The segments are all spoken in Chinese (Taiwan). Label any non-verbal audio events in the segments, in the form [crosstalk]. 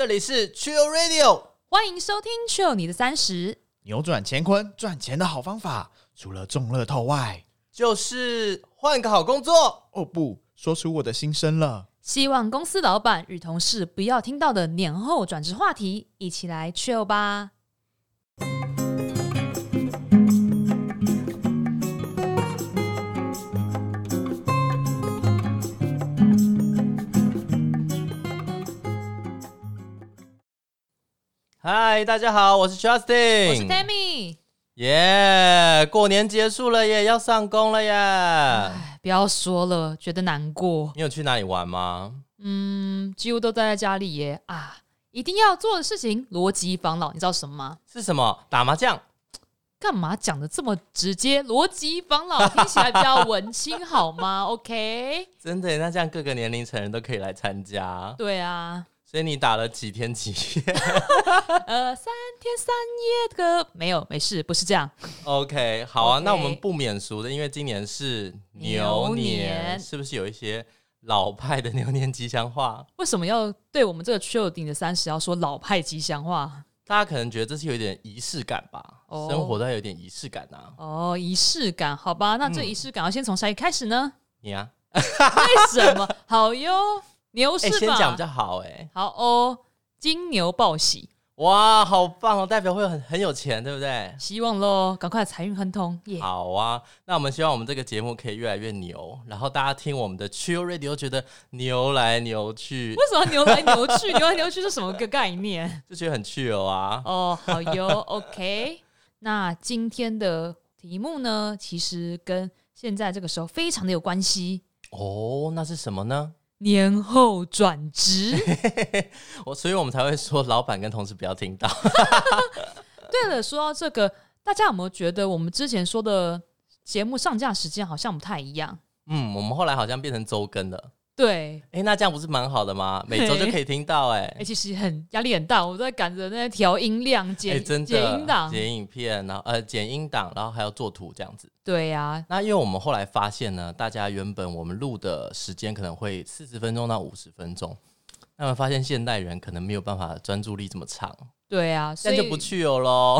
這裡是 Chill Radio，歡迎收聽 Chill 你的三十，扭轉乾坤賺錢的好方法，除了中樂透外，就是換個好工作。哦不，說出我的心聲了，希望公司老闆與同事不要聽到的年後轉職話題，一起來 Chill 吧。嗨，大家好，我是 Justin，我是 Tammy，耶！Yeah, 過年結束了耶，也要上工了耶，不要說了，覺得難過。你有去哪裡玩嗎？嗯，幾乎都待在家裡耶。啊，一定要做的事情，邏輯防老，你知道什麼嗎？是什麼？打麻將。幹嘛講得這麼直接？邏輯防老聽起來比較文青 [laughs] 好嗎？OK。真的，那這樣各個年齡層的人都可以來參加。對啊。所以你打了幾天幾夜？ [laughs] 呃，三天三夜的歌沒有，沒事，不是這樣。OK，好啊，okay. 那我們不免俗的，因為今年是牛年，牛年，是不是有一些老派的牛年吉祥話？為什麼要對我們這個 Chill 你的三十要說老派吉祥話？大家可能覺得這是有點儀式感吧？Oh, 生活都要有點儀式感呐、啊。哦，儀式感，好吧，那這儀式感要先從誰開始呢？你、嗯、啊？ [laughs] 為什麼？好喲。牛市、欸、先講就好、欸、好哦，金牛報喜哇，好棒哦，代表會很很有錢，對不對？希望嘍，趕快財運亨通、yeah。好啊，那我們希望我們這個節目可以越來越牛，然後大家聽我們的秋友 r a d 覺得牛來牛去。為什麼牛來牛去？ [laughs] 牛來牛去是什麼個概念？就覺得很趣哦啊。哦，好有 o k，那今天的題目呢，其實跟現在這個時候非常的有關係哦。那是什麼呢？年後轉職，我，所以我們才會說老闆跟同事不要聽到。 [laughs] [laughs] 對了，說到這個，大家有沒有覺得我們之前說的節目上架時間好像不太一樣？嗯，我們後來好像變成週更了。對、欸，那這樣不是蠻好的嗎？每周就可以聽到、欸，哎，其實很壓力很大，我都在趕着那調音量、剪、欸、剪剪音檔、剪影片，然後呃剪音檔，然後還要做圖這樣子。對呀、啊，那因為我們後來發現呢，大家原本我們錄的時間可能會四十分鐘到五十分鐘，那麼發現現代人可能沒有辦法專注力這麼長。對啊，那就不去了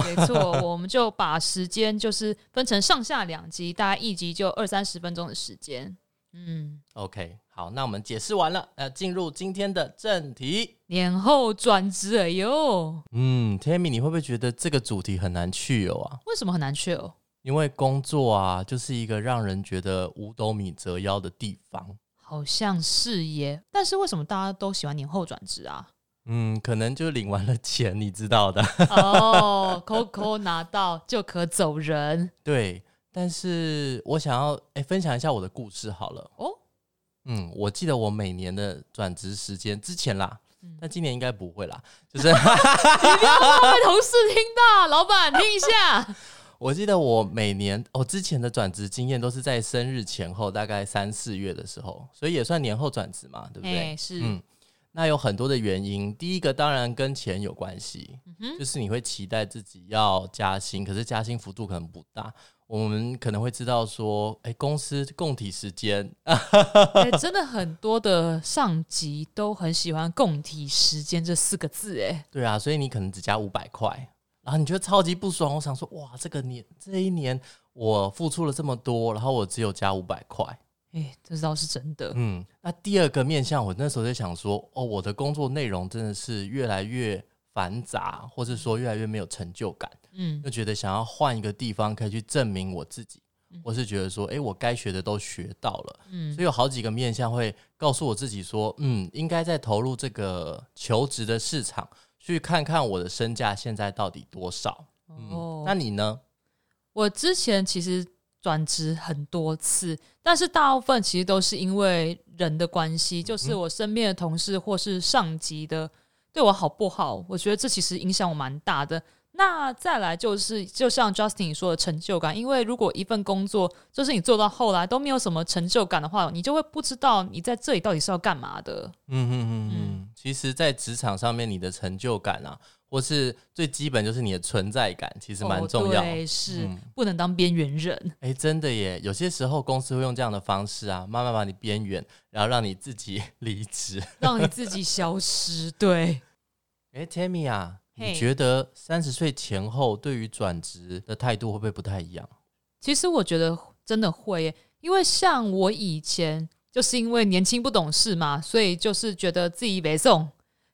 嘍。沒錯， [laughs] 我們就把時間就是分成上下兩集，大概一集就二三十分鐘的時間。嗯，OK。好，那我們解釋完了，呃，進入今天的正題。年後轉職，哎呦，嗯，Tammy，你會不會覺得這個主題很難去哦啊？為什麼很難去哦？因為工作啊，就是一個讓人覺得五斗米折腰的地方。好像是耶，但是為什麼大家都喜歡年後轉職啊？嗯，可能就領完了錢，你知道的。哦， [laughs] 扣扣拿到就可走人。 [laughs] 對，但是我想要，哎，分享一下我的故事好了。哦。嗯，我記得我每年的轉職時間之前啦，但今年應該不會啦。嗯、就是 [laughs] [laughs] 你不要讓被同事聽到， [laughs] 老闆聽一下。我記得我每年，我、哦、之前的轉職經驗都是在生日前後，大概三四月的時候，所以也算年後轉職嘛，對不對、欸？是。嗯，那有很多的原因，第一個當然跟錢有關係、嗯，就是你會期待自己要加薪，可是加薪幅度可能不大。我們可能會知道說，哎、欸，公司共體時間、 [laughs] 欸，真的很多的上級都很喜歡“共體時間”這四個字、欸，哎，對啊，所以你可能只加五百塊，然後你覺得超級不爽。我想說，哇，這個年這一年我付出了這麼多，然後我只有加五百塊，哎、欸，這是倒是真的。嗯，那第二個面向，我那時候在想說，哦，我的工作內容真的是越來越。繁雜，或是說越來越沒有成就感，嗯，就覺得想要換一個地方可以去證明我自己，我、嗯、是覺得說，誒、欸，我該學的都學到了，嗯，所以有好幾個面向會告訴我自己說，嗯，應該在投入這個求職的市場去看看我的身價現在到底多少、嗯。哦，那你呢？我之前其實轉職很多次，但是大部分其實都是因為人的關係，就是我身邊的同事或是上級的、嗯。嗯對我好不好？我覺得這其實影響我蠻大的。那再來就是，就像 Justin 說的成就感，因為如果一份工作就是你做到後來都沒有什麼成就感的話，你就會不知道你在這裡到底是要幹嘛的。嗯嗯嗯嗯，其實在職場上面，你的成就感啊。或是最基本就是你的存在感，其實蠻重要的、哦對，是、嗯、不能當邊緣人。誒，真的耶！有些時候公司會用這樣的方式啊，慢慢把你邊緣，然後讓你自己離職，讓你自己消失。 [laughs] 對，誒 Tammy 啊，hey, 你覺得三十歲前後對於轉職的態度會不會不太一樣？其實我覺得真的會耶，因為像我以前就是因為年輕不懂事嘛，所以就是覺得自己沒送，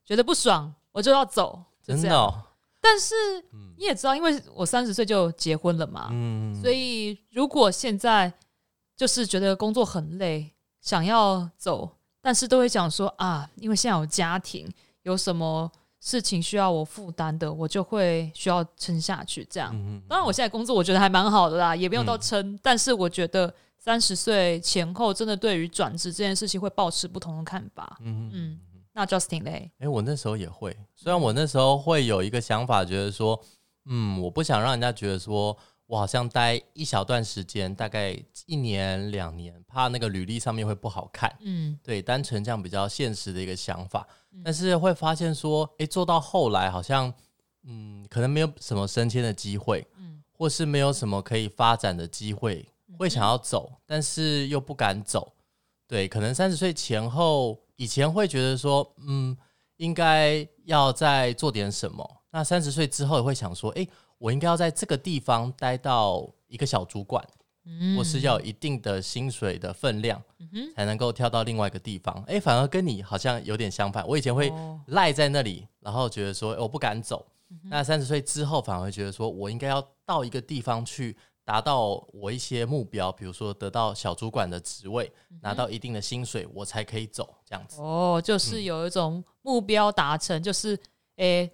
覺得不爽，我就要走。真的、哦，但是你也知道，因為我三十歲就結婚了嘛、嗯，所以如果現在就是覺得工作很累，想要走，但是都會想說啊，因為現在有家庭，有什麼事情需要我負擔的，我就會需要撐下去。這樣、嗯，當然我現在工作我覺得還蠻好的啦，也沒有到撐、嗯。但是我覺得三十歲前後，真的對於轉職這件事情會抱持不同的看法。嗯。嗯那 Justin 嘞？哎，我那時候也會，雖然我那時候會有一個想法，覺得說，嗯，我不想讓人家覺得說我好像待一小段時間，大概一年兩年，怕那個履歷上面會不好看。嗯，對，單純這樣比較現實的一個想法。但是會發現說，誒，做到後來好像，嗯，可能沒有什麼升遷的機會，嗯、或是沒有什麼可以發展的機會、嗯，會想要走，但是又不敢走。對，可能三十歲前後。以前會覺得說，嗯，應該要再做點什麼。那三十歲之後也會想說，誒，我應該要在這個地方待到一個小主管、嗯，我是要有一定的薪水的分量、嗯，才能夠跳到另外一個地方。誒，反而跟你好像有點相反。我以前會賴在那裡，哦、然後覺得說，我不敢走。嗯、那三十歲之後，反而覺得說我應該要到一個地方去，達到我一些目標，比如說得到小主管的職位、嗯，拿到一定的薪水，我才可以走這樣子。哦，就是有一種目標達成、嗯，就是誒，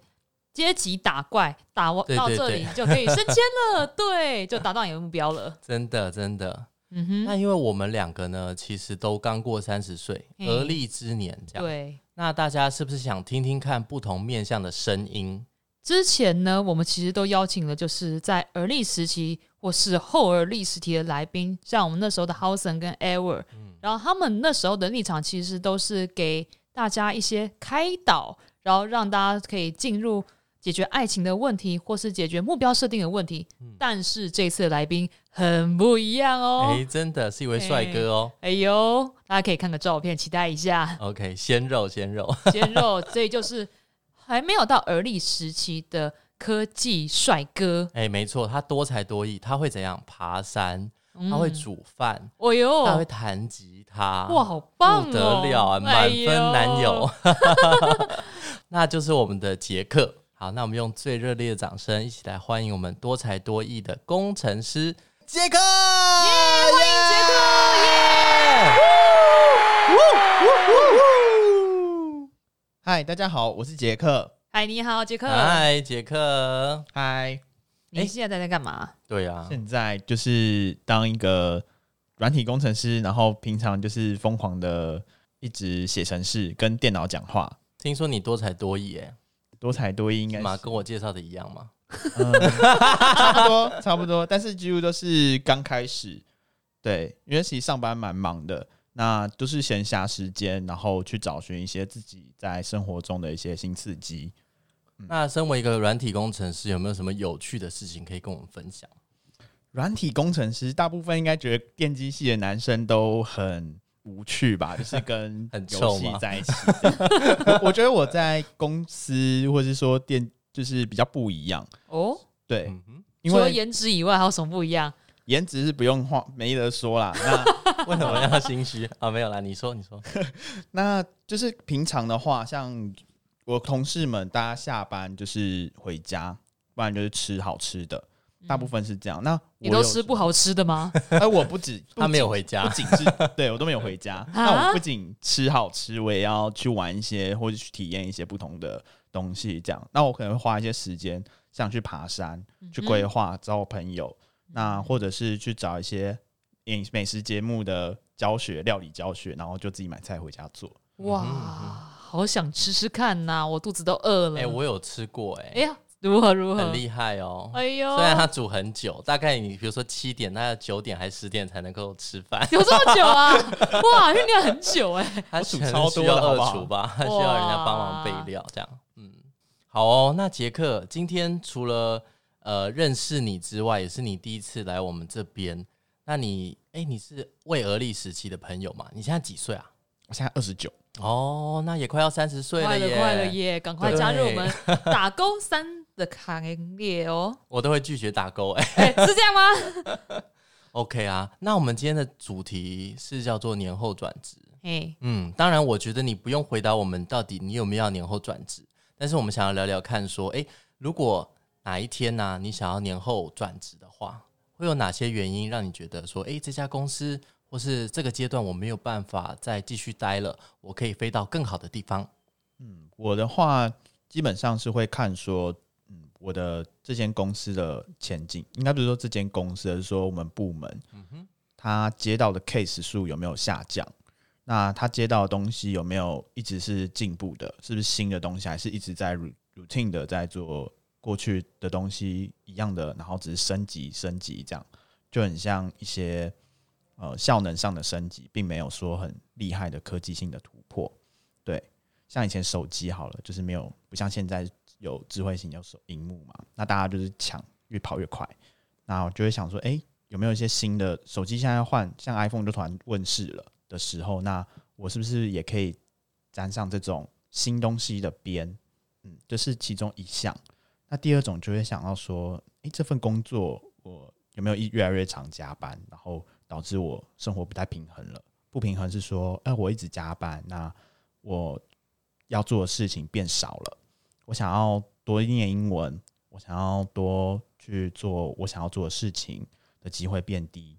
階、欸、級打怪打完到這裡就可以升遷了，對，對，對， [laughs] 對，就達到你的目標了。真的，真的，嗯哼。那因為我們兩個呢，其實都剛過三十歲而立之年，這樣對。那大家是不是想聽聽看不同面向的聲音？之前呢，我們其實都邀請了，就是在而立時期或是後而立時期的來賓，像我們那時候的 Housen 跟 Ever，、嗯、然後他們那時候的立場其實都是給大家一些開導，然後讓大家可以進入解決愛情的問題，或是解決目標設定的問題。嗯、但是這次的來賓很不一樣哦，欸、真的是一位帥哥哦、欸，哎呦，大家可以看個照片，期待一下。OK，鮮肉，鮮肉，鮮肉，所以就是。還沒有到而立時期的科技帥哥，哎、欸，沒錯，他多才多藝，他會怎樣爬山、嗯，他會煮飯、哎呦，他會彈吉他，哇，好棒、哦，不得了啊，滿分男友，哎、 [laughs] [laughs] 那就是我們的杰克。好，那我們用最熱烈的掌聲，一起來歡迎我們多才多藝的工程師杰克，傑克，yeah, 歡迎傑克。Yeah! 嗨，大家好，我是杰克。嗨，你好，杰克。嗨，杰克。嗨，你現在在幹嘛、欸？對啊，現在就是當一個軟體工程師，然後平常就是瘋狂的一直寫程式，跟電腦講話。聽說你多才多藝，哎，多才多藝，應該跟我介紹的一樣嗎？嗯、 [laughs] [laughs] 差不多，差不多，但是幾乎都是剛開始，對，因為其實上班蠻忙的。那都是閒暇時間，然後去找尋一些自己在生活中的一些新刺激。那身為一個軟體工程師，有沒有什麼有趣的事情可以跟我們分享？軟體工程師大部分應該覺得電機系的男生都很無趣吧，就是跟遊戲在一起。 [laughs] 我覺得我在公司，或是說電，就是比較不一樣哦。對，嗯、除了顏值以外，還有什麼不一樣？顏值是不用話沒得說啦，那為什麼要心虛 [laughs] 啊？沒有啦，你說你說， [laughs] 那就是平常的話，像我同事們，大家下班就是回家，不然就是吃好吃的，大部分是這樣。嗯、那我你都吃不好吃的嗎？而我不止，他沒有回家，不僅是 [laughs] 對我都沒有回家，啊、那我不僅吃好吃，我也要去玩一些或者去體驗一些不同的東西，這樣。那我可能會花一些時間，像去爬山，去規劃、嗯、找我朋友。那或者是去找一些飲美食節目的教學、料理教學，然後就自己買菜回家做。哇，嗯、好想吃吃看吶、啊！我肚子都餓了。哎、欸，我有吃過哎、欸。哎呀，如何如何？很厲害哦、喔。哎呦，雖然他煮很久，大概你比如說七點，那要九點還是十點才能夠吃飯。有這麼久啊？ [laughs] 哇，醞釀很久哎、欸。還 [laughs] 煮超多的吧？需要人家幫忙備料這樣。嗯，好哦、喔。那杰克今天除了。呃，認識你之外，也是你第一次來我們這邊。那你，哎、欸，你是未而立時期的朋友嘛？你現在幾歲啊？我現在二十九。哦，那也快要三十歲了耶！快了，快了耶，趕快加入我們打勾三的行列哦。 [laughs] 我都會拒絕打勾哎、欸欸，是這樣嗎 [laughs] ？OK 啊，那我們今天的主題是叫做年後轉職。嗯，當然，我覺得你不用回答我們到底你有沒有年後轉職，但是我們想要聊聊看，說，哎、欸，如果。哪一天呢、啊？你想要年後轉職的話，會有哪些原因讓你覺得說，哎，這家公司或是這個階段我沒有辦法再繼續待了，我可以飛到更好的地方？嗯，我的話基本上是會看說，嗯，我的這間公司的前景，應該不是說這間公司，而是說我們部門，嗯哼，他接到的 case 數有沒有下降？那他接到的東西有沒有一直是進步的？是不是新的東西，還是一直在 routine 的在做？過去的東西一樣的，然後只是升級升級這樣，就很像一些呃效能上的升級，並沒有說很厲害的科技性的突破。對，像以前手機好了，就是沒有不像現在有智慧型有螢幕嘛，那大家就是搶越跑越快，那我就會想說，誒、欸，有沒有一些新的手機？現在換像 iPhone 就突然問世了的時候，那我是不是也可以沾上這種新東西的邊？嗯，這、就是其中一項。那第二種就會想要說：“誒、欸，這份工作我有沒有越來越常加班，然後導致我生活不太平衡了？不平衡是說，誒、欸，我一直加班，那我要做的事情變少了。我想要多念英文，我想要多去做我想要做的事情的機會變低，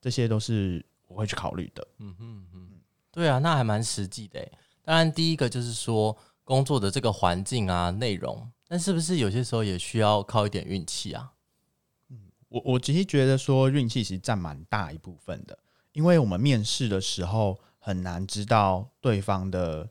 這些都是我會去考慮的。嗯哼嗯哼”嗯嗯嗯，對啊，那還蠻實際的。當然，第一個就是說工作的這個環境啊，內容。但是不是有些時候也需要靠一點運氣啊？嗯，我我只是覺得說運氣其實占蠻大一部分的，因為我們面試的時候很難知道對方的，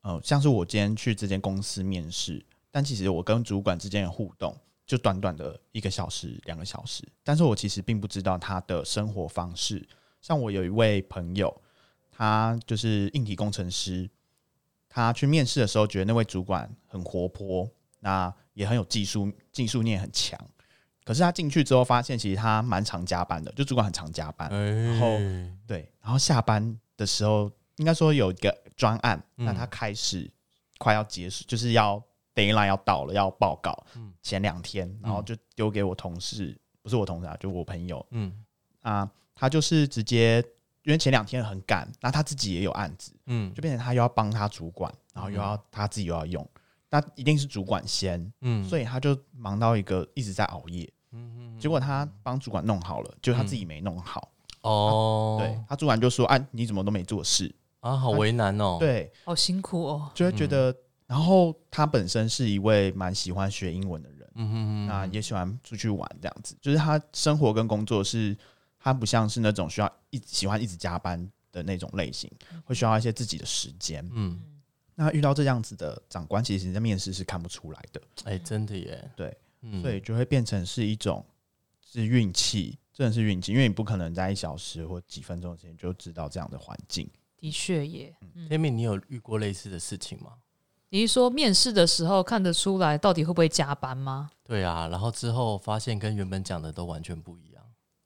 呃，像是我今天去這間公司面試，但其實我跟主管之間的互動就短短的一個小時、兩個小時，但是我其實並不知道他的生活方式。像我有一位朋友，他就是硬體工程師，他去面試的時候覺得那位主管很活潑。那也很有技術，技術面很強。可是他進去之後發現，其實他蠻常加班的，就主管很常加班。欸、然後對，然後下班的時候，應該說有一個專案，那、嗯、他開始快要結束，就是要 Deadline 要到了要報告、嗯、前兩天，然後就丟給我同事，不是我同事啊，就我朋友。嗯啊，他就是直接因為前兩天很趕，那他自己也有案子，嗯，就變成他又要幫他主管，然後又要、嗯、他自己又要用。那一定是主管先，嗯，所以他就忙到一個一直在熬夜，嗯嗯。結果他幫主管弄好了，就他自己沒弄好。嗯、哦，對，他主管就說：“哎、啊，你怎麼都沒做事啊？好為難哦。”對，好辛苦哦，就會覺得。嗯、哼哼，然後他本身是一位蠻喜歡學英文的人，嗯嗯嗯，那也喜歡出去玩這樣子，就是他生活跟工作是，他不像是那種需要一喜歡一直加班的那種類型，會需要一些自己的時間，嗯。那遇到這樣子的長官，其實你在面試是看不出來的、欸。哎，真的耶。對、嗯，所以就會變成是一種是運氣，真的是運氣，因為你不可能在一小時或幾分鐘的時間就知道這樣的環境。的確耶、嗯嗯。Tammy。你有遇過類似的事情嗎？你是說面試的時候看得出來到底會不會加班嗎？對啊，然後之後發現跟原本講的都完全不一樣。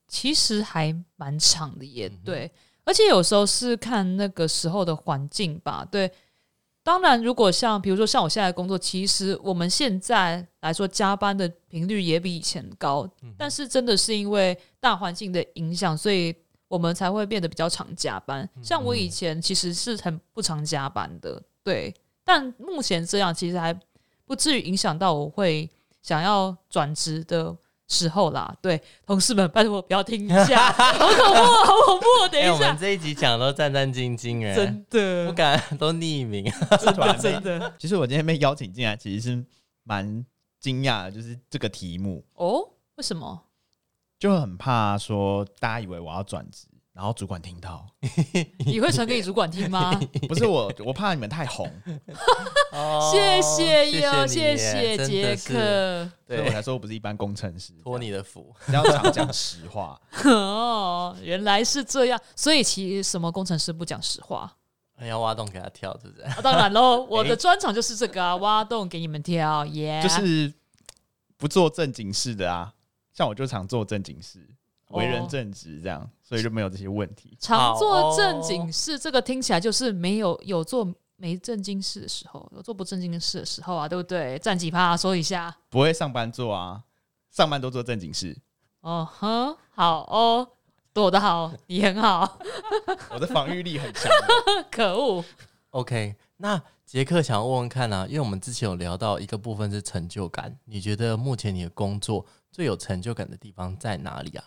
其實還蠻長的耶，耶、嗯。對，而且有時候是看那個時候的環境吧，對。當然，如果像比如說像我現在的工作，其實我們現在來說加班的頻率也比以前高，但是真的是因為大環境的影響，所以我們才會變得比較常加班。像我以前其實是很不常加班的，對，但目前這樣其實還不至於影響到我會想要轉職的，時候啦，對，同事們拜託不要聽一下， [laughs] 好恐怖、喔，好恐怖、喔！等一下，欸、我們這一集講都戰戰兢兢誒、欸。真的不敢，都匿名哈、啊。真的。真的 [laughs] 其實我今天被邀請進來，其實是蠻驚訝的，就是這個題目哦，為什麼？就很怕說大家以為我要轉職。然後主管聽到， [laughs] 你會傳給你主管聽嗎？ [laughs] 不是我，我怕你們太紅。 [laughs] [laughs] [laughs] 謝謝喲，謝謝傑克。對我來說，我不是一般工程師，托你的福，要 [laughs] 常講實話。 [laughs] [laughs] 哦，原來是這樣。所以其實什麼工程師不講實話？你要挖洞給他跳，是不是？ [laughs] 啊、當然嘍，我的專長就是這個啊， [laughs] 挖洞給你們跳。耶、yeah，就是不做正經事的啊。像我就常做正經事，為人正直這樣。哦所以就沒有這些問題。常做正經事，哦、這個聽起來就是沒有有做沒正經事的時候，有做不正經的事的時候啊，對不對？站幾趴、啊、說一下，不會上班做啊，上班都做正經事。哦，哼，好哦，躲得好， [laughs] 你很好，我的防御力很強， [laughs] 可惡。OK，那杰克想要問問看啊，因為我們之前有聊到一個部分是成就感，你覺得目前你的工作最有成就感的地方在哪裡啊？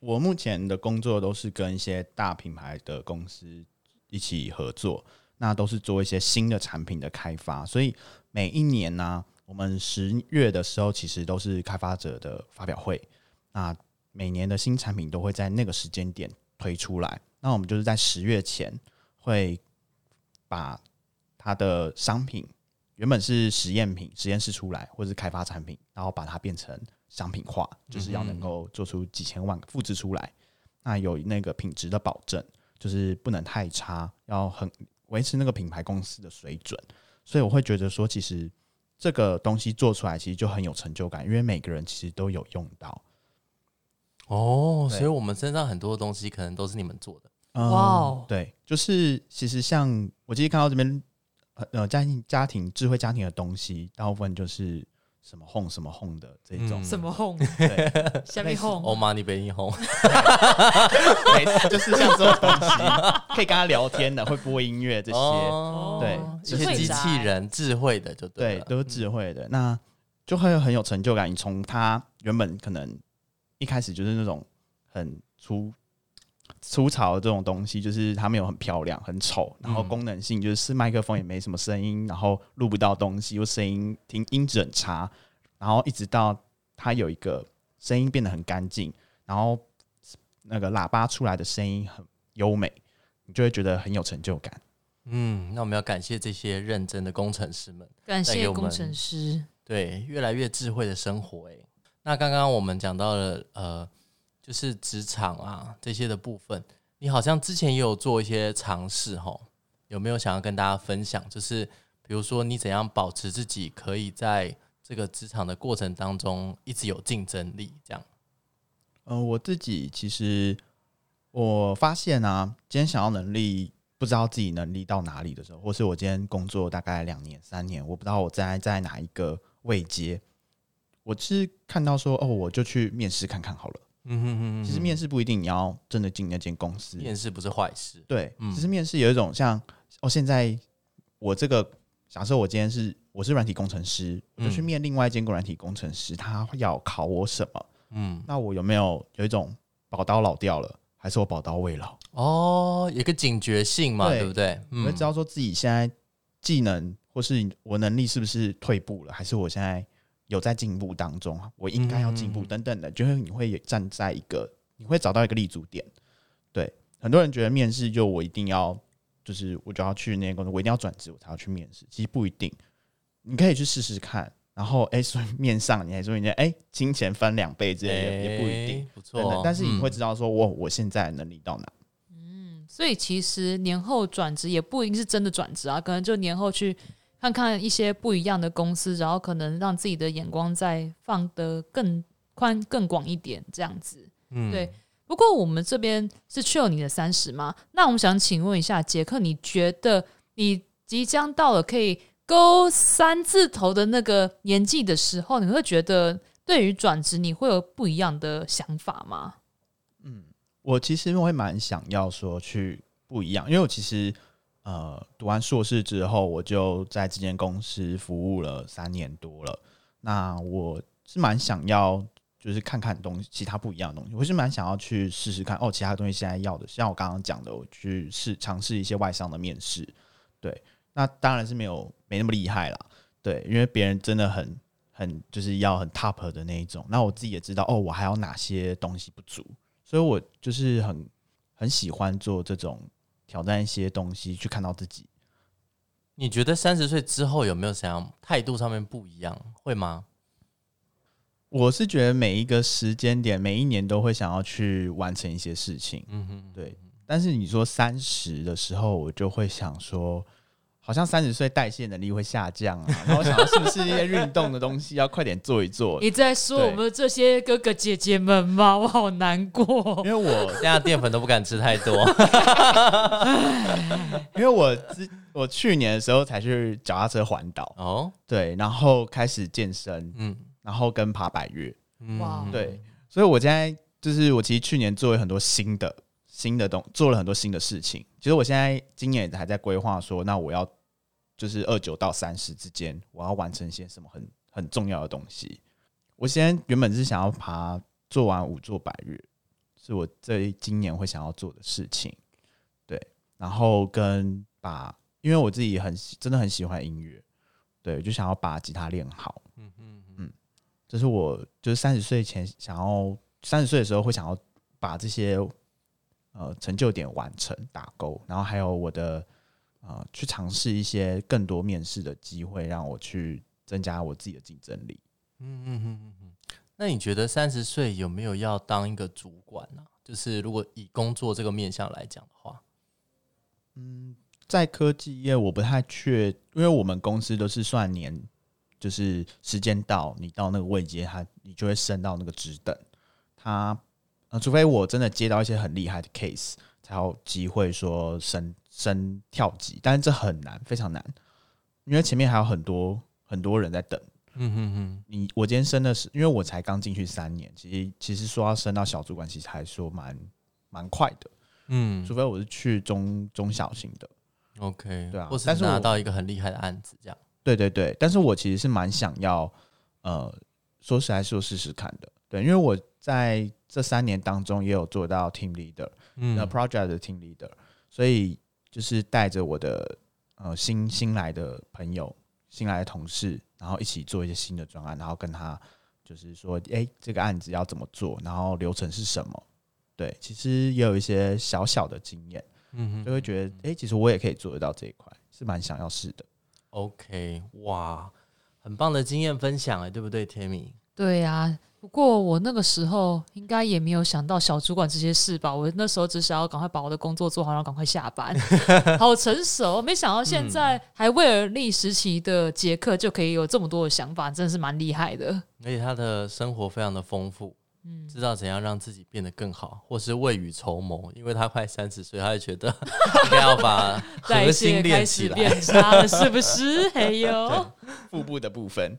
我目前的工作都是跟一些大品牌的公司一起合作，那都是做一些新的產品的開發。所以每一年呢、啊，我們十月的時候其實都是開發者的發表會，那每年的新產品都會在那個時間點推出來。那我們就是在十月前會把它的商品原本是實驗品、實驗室出來或是開發產品，然後把它變成。商品化，就是要能夠做出幾千萬複製出來。嗯嗯，那有那個品質的保證，就是不能太差，要很維持那個品牌公司的水準。所以我會覺得說，其實這個東西做出來，其實就很有成就感，因為每個人其實都有用到。哦，所以我們身上很多的東西，可能都是你們做的。哦、嗯 wow。對，就是其實像我今天看到這邊，呃，家庭家庭智慧家庭的東西，大部分就是。什麼哄什麼哄的這種的、嗯，什麼哄？Oh, man, 對，下面哄，我媽你別你哄，每次就是像這種東西，可以跟他聊天的，會播音樂這些，oh, 對、oh, 就是，這些機器人智慧的就對，對，都是智慧的、嗯，那就會很有成就感。你從他原本可能一開始就是那種很粗。粗糙的這種東西，就是它沒有很漂亮，很醜，然後功能性就是麥克風也沒什麼聲音，然後錄不到東西，又聲音聽音質很差，然後一直到它有一個聲音變得很乾淨，然後那個喇叭出來的聲音很優美，你就會覺得很有成就感。嗯，那我們要感謝這些認真的工程師們，感謝工程師。對，越來越智慧的生活。誒，那剛剛我們講到了呃。就是職場啊這些的部分，你好像之前也有做一些嘗試，吼，有沒有想要跟大家分享？就是比如說你怎樣保持自己可以在這個職場的過程當中一直有競爭力？這樣。嗯、呃，我自己其實我發現啊，今天想要能力不知道自己能力到哪裡的時候，或是我今天工作大概兩年三年，我不知道我在在哪一個位階，我是看到說哦，我就去面試看看好了。嗯嗯嗯，其實面試不一定你要真的進那間公司。面試不是壞事。對，嗯、其實面試有一種像，哦，現在我這個假設，我今天是我是軟體工程師、嗯，我就去面另外一間軟體工程師，他要考我什麼？嗯，那我有沒有有一種寶刀老掉了，還是我寶刀未老？哦，有個警覺性嘛，對，對不對？我、嗯、會知道說自己現在技能或是我能力是不是退步了，還是我現在。有在進步當中，我應該要進步等等的。嗯、就是你會站在一個，你會找到一個立足點。對，很多人覺得面試就我一定要，就是我就要去那些工作，我一定要轉職，我才要去面試。其實不一定，你可以去試試看。然後哎、欸、所以面上你還說人家哎、欸，金錢翻兩倍這些、欸、也不一定，不錯等等。但是你會知道說我、嗯、我現在能力到哪。嗯，所以其實年後轉職也不一定是真的轉職啊，可能就年後去。看看一些不一樣的公司，然後可能讓自己的眼光再放得更寬、更廣一點，這樣子、嗯。對。不過我們這邊是 Chill 你的三十嗎？那我們想請問一下，傑克，你覺得你即將到了可以勾三字頭的那個年紀的時候，你會覺得對於轉職你會有不一樣的想法嗎？嗯，我其實我會蠻想要說去不一樣，因為我其實。呃，讀完碩士之後，我就在這間公司服務了三年多了。那我是蠻想要，就是看看東西，其他不一樣的東西。我是蠻想要去試試看哦，其他東西現在要的，像我剛剛講的，我去試嘗試一些外商的面試。對，那當然是沒有沒那麼厲害啦。對，因為別人真的很很就是要很 top 的那一種。那我自己也知道，哦，我還有哪些東西不足，所以我就是很很喜歡做這種。挑戰一些東西，去看到自己。你覺得三十歲之後有沒有想要態度上面不一樣，會嗎？我是覺得每一個時間點，每一年都會想要去完成一些事情。嗯哼嗯哼嗯哼，對。但是你說三十的時候，我就會想說。好像三十歲代謝能力會下降啊，然後想到是不是一些運動的東西要快點做一做？ [laughs] 你在說我們這些哥哥姐姐們嗎？我好難過，因為我現在澱粉都不敢吃太多。 [laughs] [laughs] 因為我我去年的時候才去腳踏車環島哦，對，然後開始健身，嗯，然後跟爬百岳。哇，嗯，對，所以我現在就是我其實去年做了很多新的新的東，做了很多新的事情。其實我現在今年還在規劃說，那我要。就是二九到三十之間，我要完成一些什麼很很重要的東西。我先原本是想要爬做完五座百日，是我這今年會想要做的事情。對，然後跟把，因為我自己很真的很喜歡音樂，對，就想要把吉他練好。嗯嗯嗯，這、就是我就是三十歲前想要三十歲的時候會想要把這些呃成就點完成打勾，然後還有我的。啊、呃，去嘗試一些更多面試的機會，讓我去增加我自己的競爭力。嗯嗯嗯嗯嗯。那你覺得三十歲有沒有要當一個主管呢？啊？就是如果以工作這個面向來講的話，嗯，在科技業我不太確，因為我們公司都是算年，就是時間到你到那個位階，它，你就會升到那個職等，它。呃，除非我真的接到一些很厲害的 case，才有機會說升升跳級，但是這很難，非常難，因為前面還有很多很多人在等。嗯嗯嗯，你我今天升的是，因為我才剛進去三年，其實其實說要升到小主管，其實還說蠻蠻快的。嗯，除非我是去中中小型的。OK，對啊。或是拿到一個很厲害的案子，這樣。對對對，但是我其實是蠻想要，呃，說實在說試試看的。對，因為我在。這三年當中也有做到 team leader，那 project team leader，嗯，所以就是帶着我的呃新新來的朋友、新來的同事，然後一起做一些新的專案，然後跟他就是說，哎，這個案子要怎麼做，然後流程是什麼？對，其實也有一些小小的經驗，嗯，就會覺得，哎，其實我也可以做得到這一塊，是蠻想要試的。OK，哇，很棒的經驗分享哎，對不對，Tammy？對呀、啊，不過我那個時候應該也沒有想到小主管這些事吧？我那時候只想要趕快把我的工作做好，然後趕快下班，好成熟。沒想到現在還未而立時期的傑克就可以有這麼多的想法、嗯，真的是蠻厲害的。而且他的生活非常的豐富，知道怎樣讓自己變得更好，或是未雨綢繆，因為他快三十歲，他就覺得 [laughs] [laughs] 你要把核心練起來差是不是？還 [laughs] 有腹部的部分，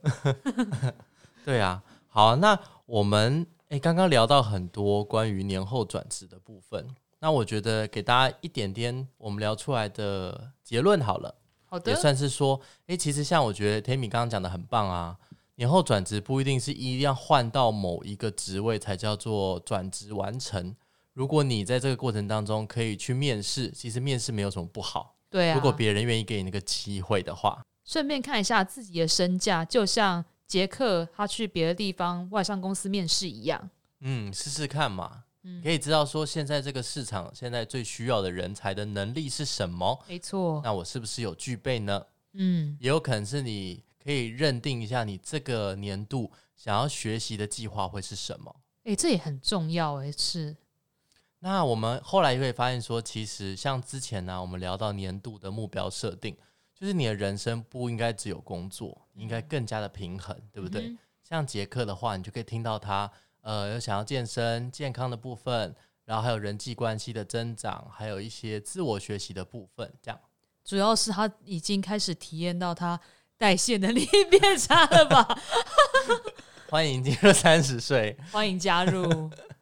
[laughs] 對啊。好，那我們誒，剛剛聊到很多關於年後轉職的部分。那我覺得給大家一點點我們聊出來的結論好了，好的，也算是說，誒，其實像我覺得 Tammy 剛剛講的很棒啊。年後轉職不一定是一定要換到某一個職位才叫做轉職完成。如果你在這個過程當中可以去面試，其實面試沒有什麼不好，對啊。如果別人願意給你那個機會的話，順便看一下自己的身價，就像。傑克他去別的地方外商公司面試一樣，嗯，試試看嘛，嗯、可以知道說現在這個市場現在最需要的人才的能力是什麼，沒錯。那我是不是有具備呢？嗯，也有可能是你可以認定一下，你這個年度想要學習的計劃會是什麼？哎、欸，這也很重要誒、欸，是。那我們後來會發現說，其實像之前呢、啊，我們聊到年度的目標設定。就是你的人生不應該只有工作，應該更加的平衡，對不對？嗯、像傑克的話，你就可以聽到他，呃，有想要健身、健康的部分，然後還有人際關係的增長，還有一些自我學習的部分，這樣。主要是他已經開始體驗到他代謝能力變差了吧？ [laughs] 歡迎進入三十歲， [laughs] 歡迎加入。 [laughs]